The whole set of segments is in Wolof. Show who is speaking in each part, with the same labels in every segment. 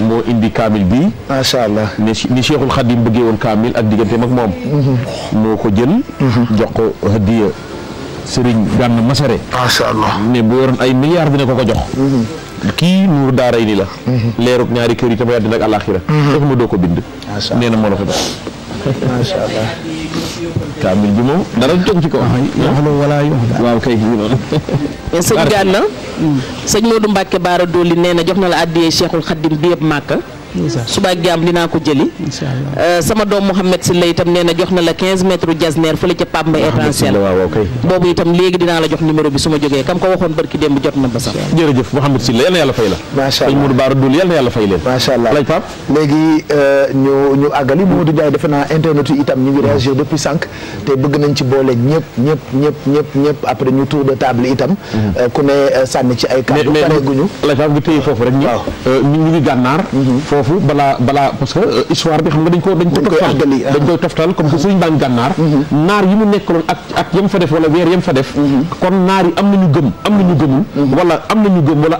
Speaker 1: moo indi kaamil bi macha allah ni Cheikhul Khadim bëggee woon kaamil ak digganteem ak moom
Speaker 2: mm-hmm.
Speaker 1: moo ko jël mm-hmm. jox ko hadiya sëriñ Gana Messeré macha allah ne bu yoroon ay milliards dina ko ko jox mm-hmm. kii nuur daaray ni la leerug ñaari kër yi tama yàddina ma doo ko bind nee na moo la ko jox
Speaker 2: macha allah.
Speaker 1: kaamil bi moom dara du teg ci kaw. Ah, waaw kay gi noonu. sëñ Gana du Modou Mbacke Baara Doli nee na jox na la addiyee Cheikhul Khadim bi yëpp màkk. suba ak jàmm dinaa ko jëli euh, sama doom Mouhamed Sylla itam nee na jox na la 15 mètres jasneer fële ca Pape Mbaye étranger boobu itam léegi dinaa la jox numéro bi su ma jógee kam ko waxoon barki démb jot na ba sax jërëjëf Mouhamed Sylla yal na yàlla fay la macha allah Modou Bara Doly yal na yàlla fay leen macha allah laaj Pape léegi euh, ñu ñu àggali Modou Ndiaye defe naa internet yi itam ñu ngi réagir depuis cinq te bëgg nañ ci boole ñëpp ñëpp ñëpp ñëpp ñëpp après ñu tour de table itam mhm. euh, ku ne sànni ci ay kàddu pareeguñu laaj Pape nga téye foofu rek ñu ñu foofu balaa balaa parce que euh, histoire bi xam nga dañ ko dañ ko toftal ah. dañ koy toftal comme que sëriñ baa ngi gànnaar mhm. naar yi mu nekkaloon ak ak yam fa def wala weer yam fa def mhm. kon naar yi am nañu gëm am nañu mhm. gëmul wala am nañu gëm gëmul wala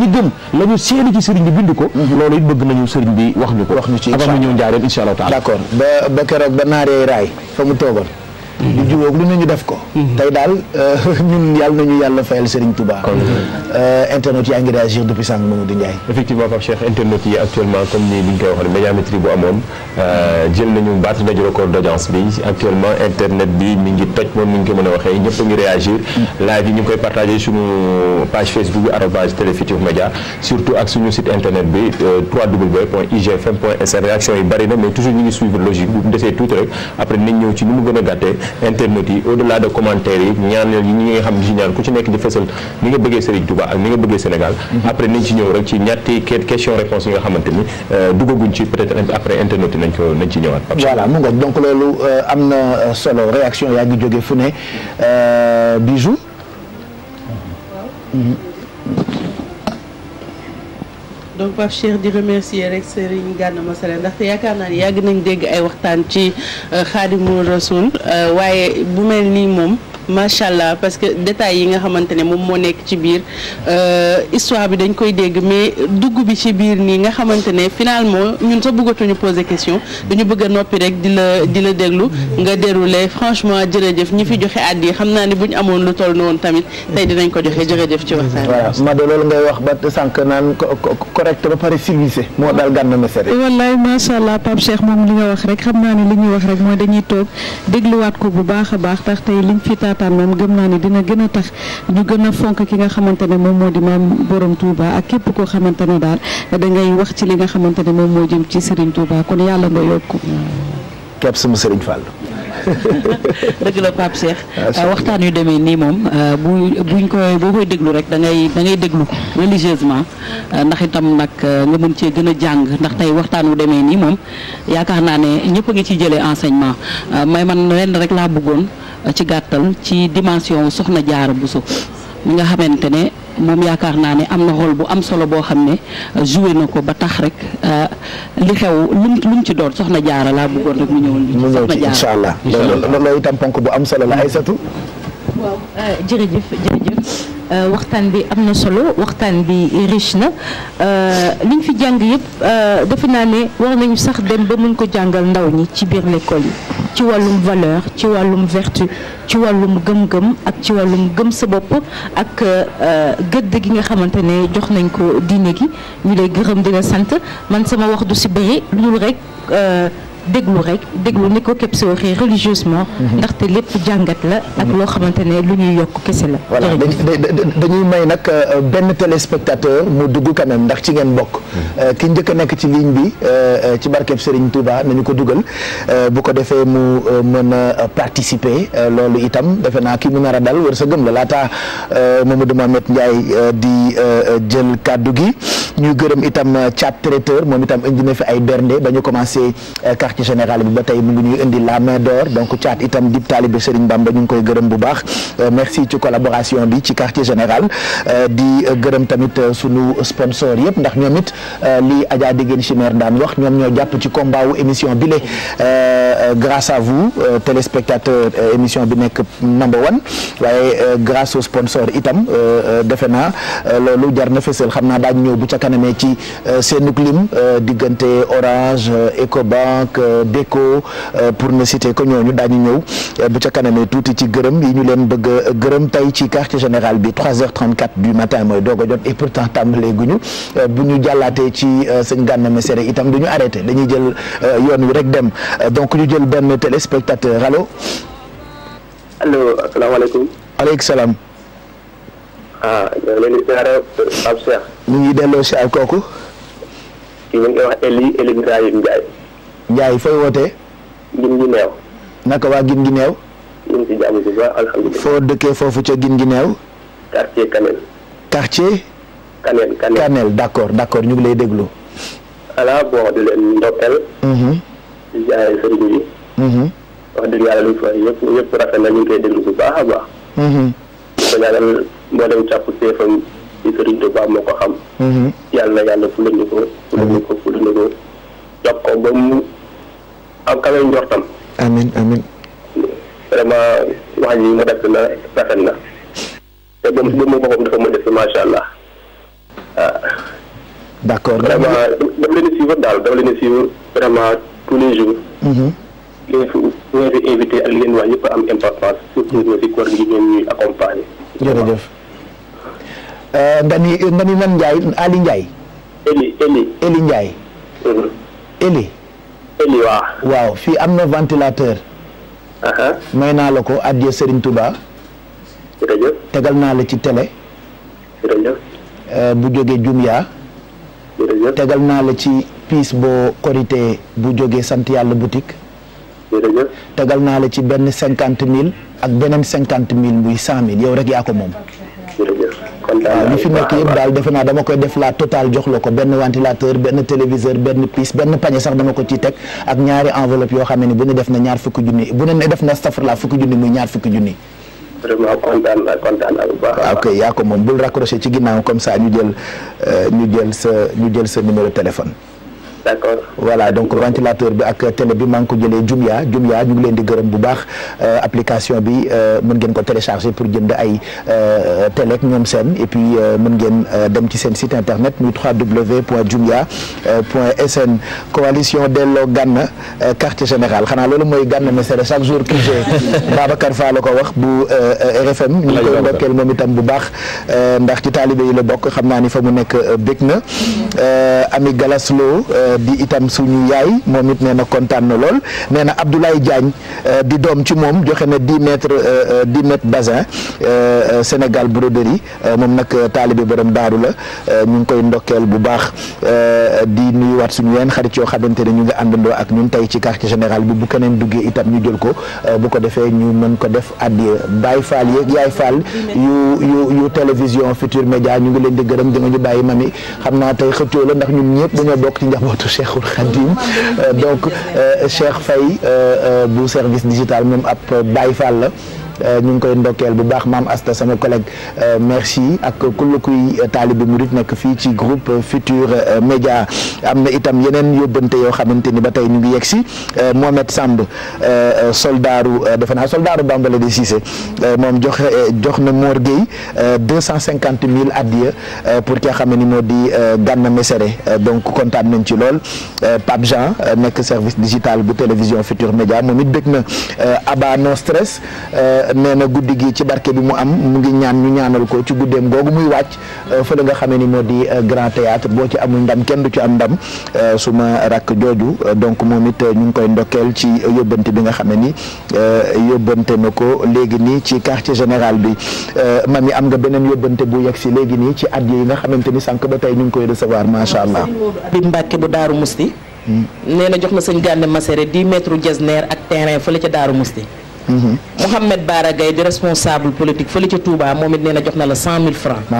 Speaker 1: ñu gëm la ñu seeni ci sëriñ bi bind ko loolu it bëgg nañu sëriñ bi wax ñu ko avant mu ñëw njaareem insha allah taala ba keroog ba naar raay fa mu toogoon lu jubóog ne ñu def ko mhm. tey daal euh, ñun yàlla nañu yàlla fayal Serigne Touba euh, internet yaa ngi réagir depuis sànq Mamadou Ndiaye effectivement Pape Cheikh internet yi actuellement comme ni li ñu koy waxee médiamétrie bu amoon euh, jël nañu battre nañu actuellement internet bi mi ngi toj moom mi ngi ko mën a waxee ñëpp a ngi réagir mm. live yi ñu ngi koy partagé suñu page Facebook bi arobase Télé Futurs Médias surtout ak suñu sit internet bi www.igfm.sn réaction yi bari na mais toujours ñu ngi suivre logique bu desee tuuti rek après nañ ñëw ci ni mu gën a gàttee internet yi au delà de commentaires yi ñaanal yi ñi nga xam ci ñaan ku ci nekk di fesal ni nga bëggee Serigne ak ni nga bëggee Sénégal mhm. après nañ ci ñëw rek ci ñetti question réponse yi nga xamante ni euh, duggaguñ ci peut-être après internet yi nañ ko nañ ci ñëwaat voilà mu ngoog donc loolu euh, am na euh, solo réaction yaa ngi jóge fu ne bijou mhm. donc Pape
Speaker 3: Cheikh di remercier rek Serigne Gana Massala ndaxte yaakaar naa ni yàgg nañ dégg ay waxtaan ci Xaadimu euh, Rasul euh, waaye bu mel nii moom macha allah parce que détails yi nga xamante ne moom moo nekk ci biir euh, histoire bi dañ koy dégg mais dugg bi ci biir nii nga xamante ne finalement ñun sax bëggatuñu poser question dañu bëgg a noppi rek di la di la déglu nga déroulé franchement jërëjëf ñi fi joxe àdd yi xam naa ni bu ñu amoon lu toll noonu tamit tey
Speaker 1: dinañ ko joxe jërëjëf ci waxtaan waaw Mado loolu ngay wax ba sànq naan correct ba pare civilisé moo daal gànn na sere
Speaker 2: wallaay macha allah Pape a baax taataan moom gëm naa ni dina gën a tax
Speaker 3: ñu gën a fonk ki nga xamante ne moom moo di maam borom Touba ak képp koo xamante ne daal da ngay wax ci li nga xamante ne moom moo jëm ci Serigne Touba kon yàlla nga yokku.
Speaker 1: képp sama Serigne Fall. dëgg la Pape Cheikh ah, euh,
Speaker 3: waxtaan yu demee nii moom euh, bu buñ koy boo koy déglu rek da ngay da ngay déglu religieusement euh, ndax itam nag nga mën cee gën a jàng ndax tey waxtaan wu demee nii moom yaakaar naa ne ñëpp a ngi ci jëlee enseignement may man lenn rek laa bëggoon. ci gàttal ci dimension soxna jaara Bousso mi nga xamante ne moom yaakaar naa ne am na xool bu am solo boo xam ne euh, joué na ko
Speaker 1: ba tax rek euh, li xew lu lu mu ci doon soxna jaara laa bëggoon rek mu ñëwul. mu ñëw ci incha allah soxna jaara loolu itam ponk bu am solo la ay satu.
Speaker 2: Euh, waxtaan bi am na solo waxtaan bi rich na euh, liñ fi
Speaker 1: jàng yëpp euh, defe naa ne war nañu sax dem ba mun ko jàngal ndaw ñi ci biir l'école yi ci wàllum valeur ci wàllum vertu ci wàllum gëm-gëm ak ci wàllum gëm sa bopp ak gëdd gi nga xamante ne jox nañ ko diine gi ñu lay gërëm di sant man sama wax du si bëri lu dul rek. déglu rek déglu ni ko képp si waxee religieusement. Mhm. ndaxte lépp jàngat la. ak mhm. loo xamante ne lu ñuy yokk kese la. voilà dañuy may nag euh, benn téléspectateur mu dugg quand ndax ci ngeen bokk. Mhm. Euh, ki njëkk a nekk ci ligne bi euh, ci barkeb Serigne Touba nañu ko dugal bu ko defee mu mën a participer loolu itam defe naa kii mu nar a dal wër sa gëm la laata Mamadou Mamet Ndiaye di jël kàddu gi. ñuy gërëm itam euh, Thiat traiteur moom itam indi na fi ay bernde ba ñu commencé euh, quartier général bi ba tey mu ngi ñuy indi la main d'or donc Thiat itam dib taalibe Serigne Bamba ñu ngi koy gërëm bu baax euh, merci ci collaboration bi ci quartier général di gërëm tamit sunu sponsor yëpp ndax ñoom it lii Adja Degen Chimère wax ñoom ñoo jàpp ci combat émission bi le grâce à vous téléspectateur émission bi nekk number one waaye grâce au sponsor itam defe na fësal anamee ci euh, seenug lim euh, diggante Orange euh, Ecobank Déco pour ne citer ko ñooñu daañu ñëw bu ca kanamee tuuti ci gërëm yi ñu leen bëgg gërëm tey ci quartier général bi 3h34 du matin mooy doog a jot et pourtant tàmbalee guñu bu ñu jàllaatee ci sëñ Gana Messere itam du ñu arrêté dañuy jël yoon wi rek dem donc ñu jël benn téléspectateur allo. allo asalaamaaleykum. aleykum salaam. ah ñoo leen di siyaare ab ngi delloo si ak kooku. kii ñu ngi koy wax Eli Eli Ibrahim Ndiaye. Ndiaye fooy wootee. gin gi neew. naka waa gin gi neew. foo dëkkee foofu ca gin gi neew. quartier Kanel. quartier. Kanel Kanel Kanel d' accord ñu ngi lay déglu. voilà bon di leen ndokkeel. Mhm. di jaay sëriñ bi.
Speaker 2: Mhm.
Speaker 3: wax lu fa yëpp rafet na ñu ngi koy déglu bu baax a baax. Mhm. ñaanal mboolem càpp téefam ci Sëriñ Tuubaa moo ko xam mhm. yàlla yàlla fu lañu ko fu lañu ko fu lañu ko jox ko am kawe njortam
Speaker 2: amin amin
Speaker 3: wax ji mu def na rafet na te ba mu boppam dafa ma def macha allah
Speaker 1: waaw ah. d'accord vraiment
Speaker 3: dama leen di suivre daal dama leen di suivre vraiment tous les jours li mhm. ngeen fi invité ak li ngeen wax yëpp am importance surtout aussi koor gi ngeen ñuy accompagner
Speaker 2: jërëjëf
Speaker 1: nga ni nan Ndiaye Ali Ndiaye. Eli Eli Eli Eli. waaw. waaw am na ventilateur. may naa la ko addiya Serigne Touba. tegal naa la ci télé. Euh, bu jógee Jumia. tegal naa la ci piis boo korité bu jógee sant yàlla boutique. tegal naa la ci benn cinquante mille ak beneen cinquante mille muy cent mille yow rek yaa ko moom.
Speaker 2: waaw
Speaker 1: li fi nekk daal defe naa dama koy def la total jox la ko benn ventilateur benn téléviseur benn pièce benn panier sax dama ko ciy teg ak ñaari enveloppe yoo xam ne bu ñu def na ñaar fukki junni bu ne def na safar la fukki junni muy ñaar fukki junni. vraiment kontaan naa kontaan bu baax. bul raccroché ci ginnaaw comme ça ñu jël euh, ñu jël sa ñu jël sa numéro téléphone. d'accord voilà donc ventilateur bi ak télé bi maa ngi ko jëlee Jumia Jumia ñu leen di gërëm bu baax euh, application bi euh, mën ngeen ko télécharger pour jënd ay euh, télé ak ñoom seen et puis mën ngeen dem ci seen site internet muy www.jumia.sn coalition delloo Gana quartier général xanaa loolu mooy Gana Messere chaque jour ki Babacar Fall la ko wax bu RFM ñu koy ndokkeel moom itam bu baax ndax ci taalibe yi la bokk xam naa ni fa mu nekk bég na Ami Galaslo di itam suñu yaay moom it nee na kontaan na lool nee na Abdoulaye Diagne euh, di doom ci moom joxe na dix mètres euh, euh, dix mètres basin Sénégal broderie moom nag taalibe borom daaru la ñu ngi koy ndokkeel bu baax di nuyuwaat suñu yeneen xarit yoo xamante ne ñu ngi àndandoo ak ñun tey ci quartier général bi bu keneen duggee itam ñu jël ko bu ko defee ñu mën ko def addiya Baay Faal yeeg Yaay Faal yu yu yu télévision Futur ñu ngi leen di gërëm di nga ñu bàyyi mami xaritu Cheikhul Khadim euh, donc euh, Cheikh Faye euh, bu service digital moom ab Baye Fall la Euh, ñu ngi koy ndokkeel bu baax maam Asta sama collègue euh, merci ak kull kuy taalibe murit nekk fii ci groupe Futur euh, Média am na itam yeneen yóbbante yoo xamante ni ba tey ñu ngi yegg si Mohamed Samb soldaaru defe naa soldaaru Bambala de Cissé moom joxe jox na Mor Gueye deux cent cinquante mille addiya pour ki nga xam ne ni moo di Gana Messere donc kontaan nañ ci lool Pape Jean nekk service digital bu télévision Futur Média moom it bëgg na Aba no stress nee na guddi gi ci barke bi mu am mu ngi ñaan ñu ñaanal ko ci guddeem googu muy wàcc euh, la nga xamee ni moo di euh, grand théâtre boo ci amul ndam kenn du ci am ndam euh, suma rakk jooju donc moom it ñu ngi koy ndokkeel ci yóbbante bi nga xamee ni yóbbante na ko léegi nii ci quartier général bi mami am nga beneen yóbbante bu yegg si léegi nii ci at yi nga xamante ni sànq ba tey ñu ngi koy recevoir macha allah. bi Mbàkke bu Daaru Musti hmm. nee na jox na sëñ Gànne Masere 10 mètres jasneer ak terrain la ca Daaru Musti Mouhamed Bara Gaye di responsable politique fële ca Touba moom it nee na jox na la cent mille francs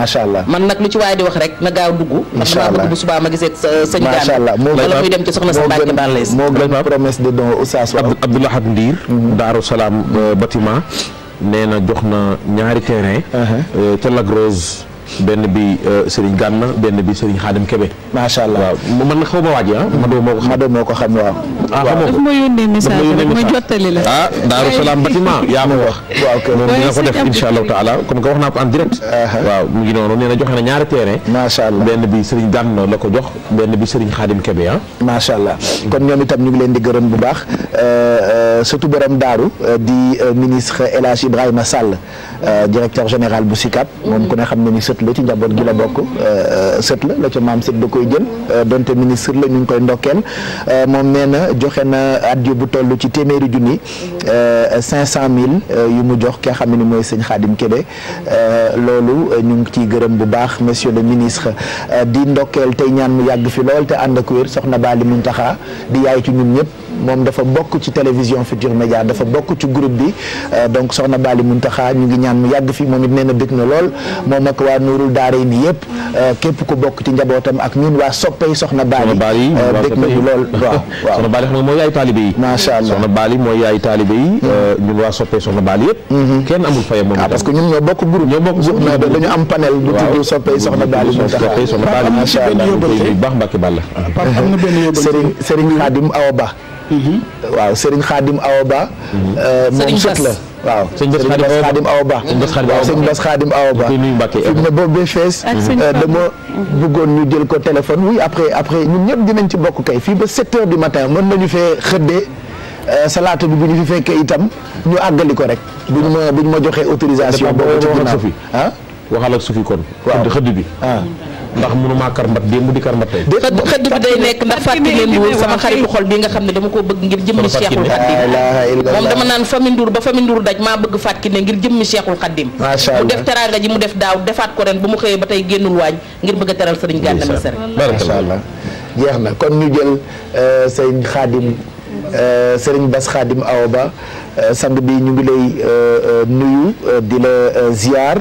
Speaker 1: man nag lu ci waaye di wax rek na gaaw dugg ndax damaa bëgg bu subaa ma gisee sëñ Gana wala muy dem ci soxna sa Mbacke Balays moo gën promesse de don Oustaz Abdoulahad Ndiir mhm. Daaru Salaam euh, bâtiment nee na jox na ñaari terrain uh-huh. euh, ca Lac Euh, benn bi Serigne Ganna benn bi sëriñ Khadim Kebe. macha allah waaw man xaw ma waaj ah. Mado moo ko moo ko xam waaw. ah xamoo daf ma yónnee
Speaker 2: message rek ma ah, Daaru Salaam bâtiment yaa ma wax. waaw moom dina ko def incha allahu
Speaker 1: taala comme wax naa ko en direct. waaw mu ngi noonu nee na joxe na ñaari terrain. macha allah benn bi Serigne Ganna la ko jox benn bi Serigne Khadim Kebe ah. macha allah kon ñoom itam ñu ngi leen di gërëm bu baax euh, euh, surtout borom Daaru di ministre El Hadj Ibrahima Sall. Euh, directeur général bu SICAP moom ku ne xam na ni sët ci njaboot gi la bokk euh, sët la la ca maam sët da koy jël euh, donte ministre la ñu ngi koy ndokkeel moom nee na joxe na addiya bu toll ci téeméeri junni cinq cent mille yu mu jox ki xam ne ni mooy sëñ Xaadim Kébé loolu ñu ngi ciy gërëm bu baax monsieur le ministre di ndokkeel tey ñaan mu yàgg fi lool te ànd ak wér soxna Bali Muntaxa di yaay ci ñun ñëpp moom dafa bokk ci télévision Futur Média dafa bokk ci groupe bi euh, donc soxna Bali Muntaxa ñu ngi ñaan mu yàgg fi moom it nee na bëgg na lool moom ak waa Nuurul Daaray ni yëpp euh, képp ku bokk ci njabootam ak ñun waa soppay soxna Bali euh, na lool waaw waaw soxna Bali xam nga mooy yaay taalibe yi macha allah soxna Bali mooy yaay taalibe yi mm. ñun waa soppay soxna Bali yëpp mm-hmm. kenn amul fayam moom ah, parce que ñun ñoo bokk groupe ñoo dañu am panel bu tudd soppay soxna Bali Muntaxa soxna Bali macha Ba Mhm. waaw Serigne Khadim Awa Ba.
Speaker 2: Mhm. Euh, moom sët la waaw sëñ Bass Khadim Awa Ba waaw sëñ Bass Khadim Awa Ba fi mu ne
Speaker 1: boobu ba fees euh, dama bëggoon ñu jël ko téléphone oui après après ñun ñëpp dinañ ci bokk kay fii ba 7 heures du matin mën nañu fee xëddee euh, salaata bi bu ñu fi fekkee itam ñu àggali ko rek bu ñu ma bu ma joxee autorisation boobu ci ginnaaw ah waxal ak Sophie kon xëdd bi ah. ndax mënumaa karmbat démb di karmbat tey xëdd bi day nekk ndax Fatimé Ndour sama xaritu xol bi nga xam ne dama ko bëgg ngir jëmmi Cheikhul Khadim moom dama naan Fami Ndour ba Fami Ndour daj maa bëgg Fatou Kiné ngir jëmmi Cheikhul Khadim mu def teraanga ji mu def daaw defaat ko ren ba mu xëyee ba tey génnul waañ ngir bëgg a teral sëriñ Gana Messere maasaallah na kon ñu jël euh, sëriñ Khadim euh, sëriñ Bass Khadim Awa Ba Euh, sang bi ñu ngi lay euh, euh, nuyu di la ziar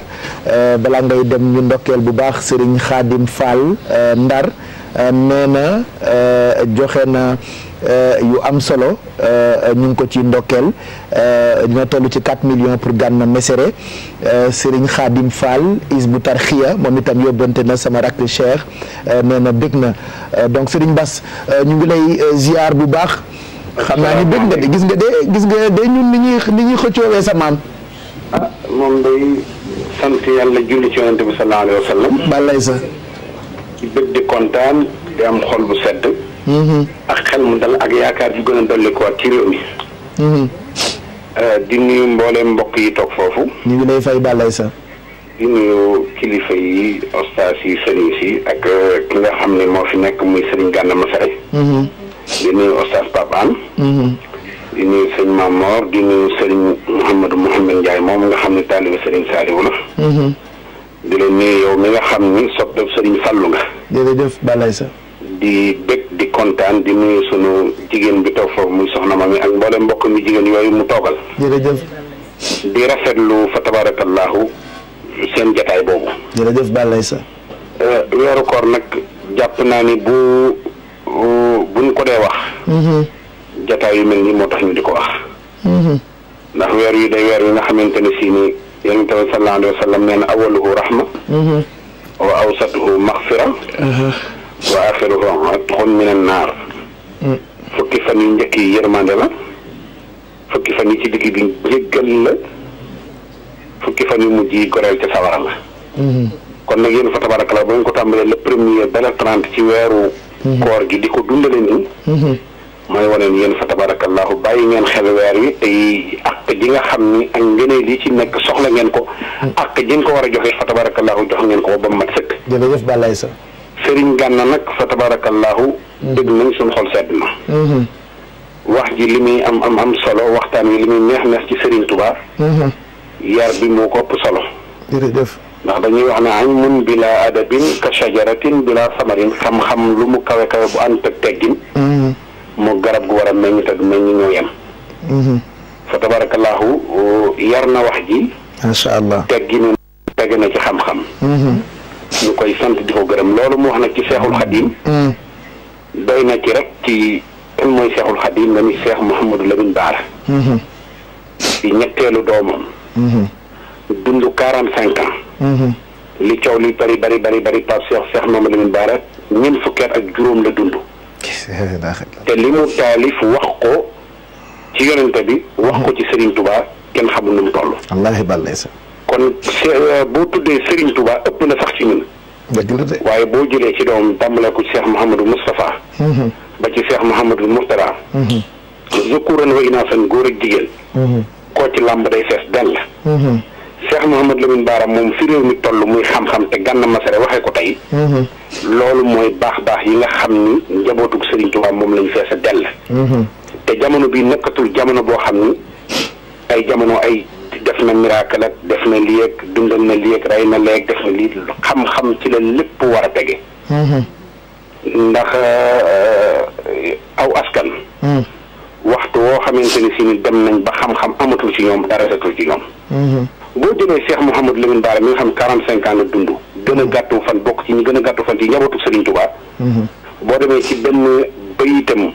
Speaker 1: balaa ngay dem ñu ndokkeel bu baax Serigne Khadim Fall Ndar nee na joxe na yu am solo ñu ngi ko ci ndokkeel ñoo toll ci 4 millions pour Gana Messere Serigne Khadim Fall Isbu Tarxiya moom itam yóbbante na sama rakk Cheikh nee na bég na donc Serigne Bass ñu ngi lay ziar bu baax. xam naa ni bëgg nga de gis nga de gis nga de ñun ni ñuy ni ñuy xëccoowee sa maam. ah moom day sant yàlla
Speaker 3: julli ci yonent bi sallallahu alayhi wa sallam. sa. di bëgg di kontaan di am xol bu sedd. Mm-hmm. ak xel mu dal ak yaakaar ju gën a dolli ko ci réew mi. Mm-hmm. Eh, di nuyu mbooleem mbokk yi toog foofu.
Speaker 1: ñu ngi lay fay balay sa.
Speaker 3: di nuyu kilifa yi ostaas yi sëriñ si ak eh, ki nga xam ne moo fi nekk muy sëriñ Gana Messere. di nuyu Oustaz Pape Anne. Mm-hmm. di nuyu sëñ Mamor di nuyu sëriñ Mouhamadou Mouhamed Ndiaye moom nga xam ne taaliba sëriñ Saliou la. Mm-hmm. di la nuyu yow mi nga xam ni soppeeku sëriñ Fallou nga.
Speaker 1: jërëjëf balay sa.
Speaker 3: di bëgg di kontaan di nuyu sunu jigéen bi toog foofu muy soxna ma mi ak mboolem mbokk mi jigéen yooyu mu toogal. jërëjëf. di rafetlu fa tabarakallahu seen jataay boobu.
Speaker 1: jërëjëf balay sa.
Speaker 3: Eh, weeru koor nag jàpp naa ni bu. buñ ko dee wax. Mhm. jataay yu mel nii moo tax ñu di ko wax. Mhm. ndax weer wi day weer wi nga xamante ne sii nii yonent bi sallallahu alayhi wa sallam nee na awaluhu rahma. Mhm. wa awsatuhu maxfira. wa axiruhu atqun minan naar. Mm. fukki fan yu njëkk yi yërmande la. fukki fan yi ci digg bi jéggal la fukki fan yu mujj yi goreel ca sawara la. kon nag yéen fa tabarak la ba ñu ko tàmbalee le premier ba le ci weeru. koor gi di ko dundale nii. mooy mhm. wane ni yéen fa tabarakallahu bàyyi ngeen xel weer wi tey ak ji nga xam ni ak ngëneel yi ci nekk soxla ngeen ko. ak mhm. ji nga ko war a joxe fa tabarakallahu jox ngeen ko ba mu mat sëkk.
Speaker 1: jërëjëf Balaye Sow.
Speaker 3: Sëriñ Gànna nag fa tabarakallahu mhm. dégg nañ suñu xol sedd na. wax ji li muy am am am solo waxtaan wi li muy neex neex ci Sëriñ Tuubaa. yar bi moo ko ëpp solo. ndax dañuy wax ne ilmun bila adabin ka shajaratin bila samarin xam-xam lu mu kawe kawe bu ànd ak teggin mm-hmm. moo garab gu war a meññ te du meññ ñoo yem mm-hmm. fa tabarakallahu yar na wax ji masha allah tegginu tege na ci xam-xam mm-hmm. ñu koy sant di ko gërëm loolu mu wax nag ci seexul xadim doy na ci rek ci kan mooy seexul xadim nga ni seex Mouhamadou Lamine Bara di ñetteelu doomam dund quarante cinq ans Mm-hmm. li coow li bari bari bari bari Pape Cheikh Cheikh Mamadou Lamine Bara ñeent fukki at ak juróom la dund. te li mu taalif wax ko ci yonente bi. wax ko ci Serigne tubaa kenn xamul nu mu toll.
Speaker 1: wallaahi bàllay sa.
Speaker 3: kon euh, boo tuddee Serigne tubaa ëpp na sax ci ñun. dëgg waaye boo jëlee ci doom tàmbalee ko Cheikh Mouhamadou Moustapha. Mm-hmm. ba ci Cheikh Mouhamadou Mourtada. Mm-hmm. zukuran wa inaasan góor ak jigéen. koo ci làmb day fees dell. Cheikh Mouhamad Lamine Baara moom fi réew mi toll muy xam-xam te Gana Messeré waxee ko tey. Mhm. loolu mooy baax baax yi nga xam ni njabootug Serigne Touba moom lañu fees sa dell. Mhm. te jamono bi nekkatul jamono boo xam ni ay jamono ay def na miracle ak def na lii ak dundal na lii ak rey na leeg def na lii xam-xam ci la lépp war a tege. Mhm. ndax euh,
Speaker 2: euh, aw askan. waxtu woo xamante ni si ni dem nañ
Speaker 3: ba xam-xam amatul ci ñoom dara satul ci ñoom. boo jëlee Cheikh Mouhamadou Lamine Bara mi nga xam 45 ans la dund gën a gàttu fan bokk ci ñi gën a gàttu fan ci njabootu Serigne Touba. Mhm. boo demee ci benn bayitam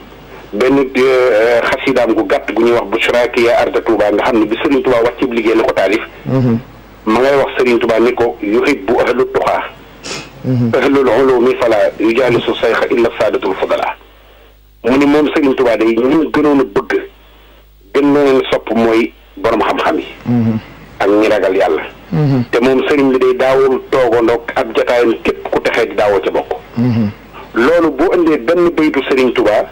Speaker 3: benn euh, xasidaam gu gàtt gu ñuy wax bu Suraaki ya Arda Touba nga xam ne bi Serigne Touba wàcc ci liggéey la ko taalif. Mhm. ma ngay wax Serigne Touba ni ko yuhibbu ahlu tuqaa. Mhm. ahlul ulumi fala yujaalisu sayxa illa saadatul fudala. mu ni moom Serigne Touba day ñun gënoon a bëgg gën leen sopp
Speaker 2: yi.
Speaker 3: ak ñi ragal yàlla. Mhm. te moom sëriñ bi day daawul toogandoo ak jotaayam képp ku texee di daawoo ca bokk. Mhm. loolu boo indee benn baytu sëriñ tubaa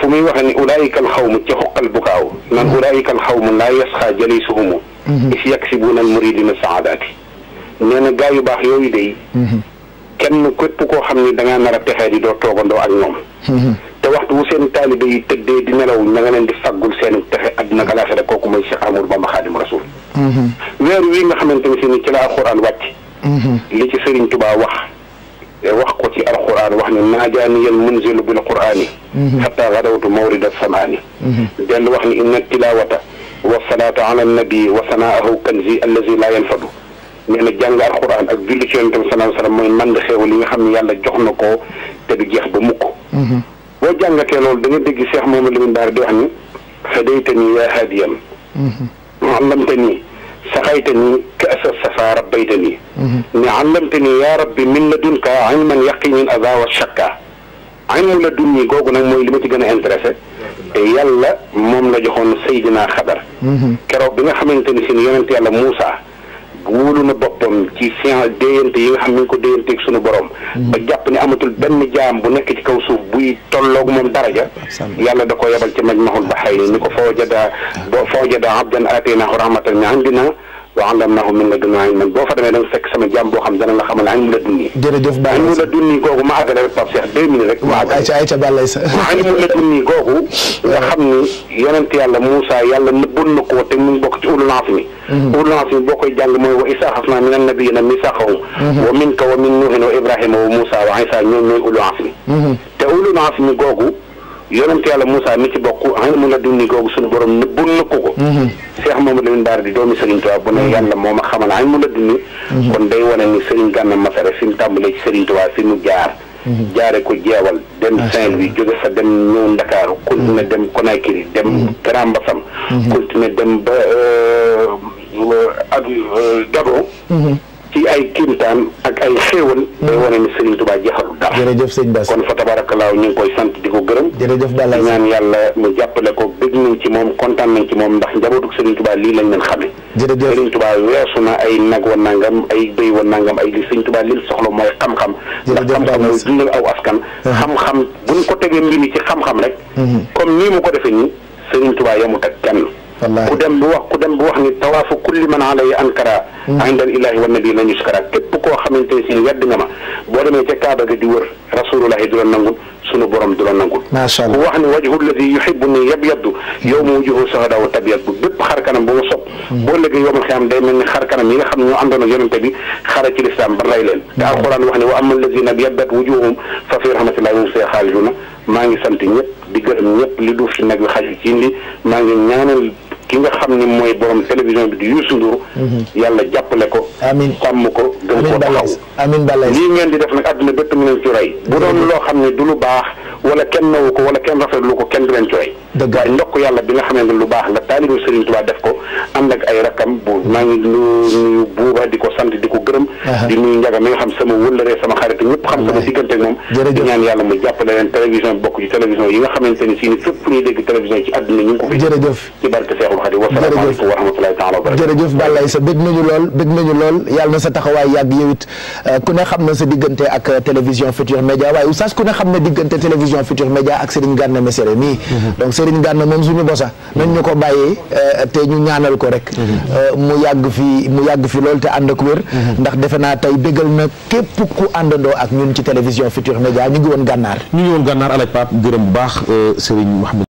Speaker 3: fu muy waxee ni ulaayika al xawmu ci xuqal bukaaw naan mhm. ulaayika al xawmu laa yasxaa jalisuhumu is yaksibuuna al muridina saadaati nee na gaa yu baax yooyu day kenn képp koo xam ne dangaa nar a texee di doo toogandoo ak ñoom te waxtu wu seen taalibe yi tëddee di nelaw na nga leen di faggul seen texe àdduna ak alaaxira kooku mooy Cheikh Amadou Bamba Xaadimu weer wi nga xamante ne si ni ci la alxuraan wàcc. li ci Serigne Touba wax. wax ko ci alquran wax ne naajaani yal munzilu bil qurani xatta gadawtu mawrida samaani dellu wax ni inna tilawata wa salaata ala nabi wa sanaahu kanzi allazi laa yanfadu nee na jàng alquran ak julli ci yonente bi salaam salaam mooy mand xew li nga xam ne yàlla jox na ko te du jeex mukk boo jàngatee loolu da nga dégg Cheikh Mamadou Lamine Bara di wax ni xadayta nii yaa haadiyan allamta رأيتني كأسستها ربيتني علمتني يا ربي من لدنك علما يقينا أذا والشكا علم لدني googu nag mooy li ma ci gën a intéressé te yàlla moom la joxoon Seydina Xadar keroog bi nga xamante ni si ni yonent yàlla Moussa wóolu na boppam ci science déyante yi nga xam ni ngi ko déyanteeg sunu borom mm-hmm. ba jàpp ne amatul benn jaam bu nekk ci kaw suuf buy tolloog moom daraja yàlla da ko yebal ci majmahul bahrayn ni ko fawjada fawjada abdan aataynaahu rahmatan min indina wa allamnaahu min ladunnaa ilman boo fa demee da nga fekk sama jàmm boo xam dana la xamal ilmu ladunnii. jërëjëf Baye ilmu ladunnii googu ma àggale rek Pape Cheikh deux minutes rek. ma àggale ayca
Speaker 1: ayca Balla sa.
Speaker 3: ilmu ladunnii googu. nga xam ni yonent yàlla Moussa yàlla nëbboon na ko te mu ngi bokk ci ulul azmi. Mhm. ulul azmi boo koy jàng mooy wa iz axadnaa mina nabiyyiina miisaaqahum. Mhm. wa minka wa min Nuuhin wa Ibraahiima wa Moussa wa Iisaa ñoom ñooy ulul azmi. Mhm. te ulul azmi googu yonent yàlla Moussa mi ci bokk ilmu ladunnii googu suñu borom nëbboon na ko ko Cheikh Mamadou Lamine Bara di doomi Serigne Touba bu ne mm-hmm. yàlla moo ma xamal añ mu la dund kon day wane ni Serigne Gana Messeré fi mu tàmbalee ci Serigne Touba fi mu jaar mm-hmm. jaare ko jeewal dem Saint-Louis jóge fa dem ñëw Ndakaaru continué mm-hmm. dem Conakry dem Grand Bassam continué dem ba euh, euh, ak Gabon euh, ci ay kiimtaan ak ay xéewal day wane ni Serigne Touba jeexalu
Speaker 1: dara jërëjëf sëñ Bass kon
Speaker 3: fa tabarakalaaw ñu ngi koy sant di ko
Speaker 1: gërëm jërëjëf Balla ñaan
Speaker 3: bëgg nañ ci moom kontaan nañ ci moom ndax njabootu Serigne Touba lii lañ leen xamee. jërëjëf Serigne Touba weesu na ay nag wa nangam ay béy wa nangam ay li Serigne Touba li soxla mooy xam-xam. ndax xam-xam mooy dundal aw askan. Uh-huh. xam-xam bu ñu ko tegee mbir mi ci xam-xam rek. Mm-hmm. comme nii mu ko defee nii Serigne Touba kenn. ku dem bu wax ku dem bu wax ni tawaafu kulli man alayya ankara hmm. indal ilahi wa nabi lan yuskara képp koo xamante ne si wedd nga ma boo demee ca Kaaba ga di wër rasulullahi du la nangul sunu borom du la nangul macha allah ku wax ni wajhu alladi yuhibbu ni yabyaddu yow ma wujuhu sahada wa tabyaddu bépp xar kanam bu ma sopp hmm. boo léegi yowmal xiyaam day mel ni xar kanam yi nga xam ne ñoo àndoon ak yonente bi xara ci lislaam ba rey leen hmm. te alquran wax ne wa amma alladina byaddat wujuhum fa fi rahmatillahi hum see xaalijuna maa ngi sant ñëpp di gërëm ñëpp li duuf ci nag bi xaju ci indi maa ngi ñaanal ki nga xam ni mooy borom télévision bi di Youssou Ndour mhm. yàlla jàppale ko amiin sàmm ko gën ko taxaw amiin balay lii ngeen di def nag àdduna bépp mu leen ci rey bu doon loo xam ne du lu baax wala kenn nawu ko wala kenn rafetlu ko kenn du leen ci rey waaye ndokk yàlla bi nga xamante ne lu baax la taalibu Serigne Touba def ko ànd ak ay rakam bu maa ngi lu nuyu buuba di ko sant di ko gërëm di nuyu njaga mi nga xam sama wëllëree sama xarit ñëpp xam sama diggante moom di yi nga xamante ni fépp fu ñuy dégg télévision ci àdduna jërëjëf jërëjëf
Speaker 1: Balaye sa bëgg nañu lool bëgg nañu lool yàlla na sa taxawaay yàgg yow it euh, ku ne xam na sa diggante ak euh, télévision Futur Média waaye oustaz ku ne xam na diggante télévision Futur Média ak Serigne Gana Messere mii mhm. donc Serigne Gana moom suñu bosa nañ ñu ko mhm. bàyyee euh, te ñu ñaanal ko rek mhm. mu yàgg fi mu yàgg fi lool te ànd ak wér ndax defe naa tey bégal na képp ku àndandoo ak ñun ci télévision Futur Média ñu ngi woon gànnaar
Speaker 3: ñu ngi woon gànnaar alaj Pape bu baax Serigne Mouhamed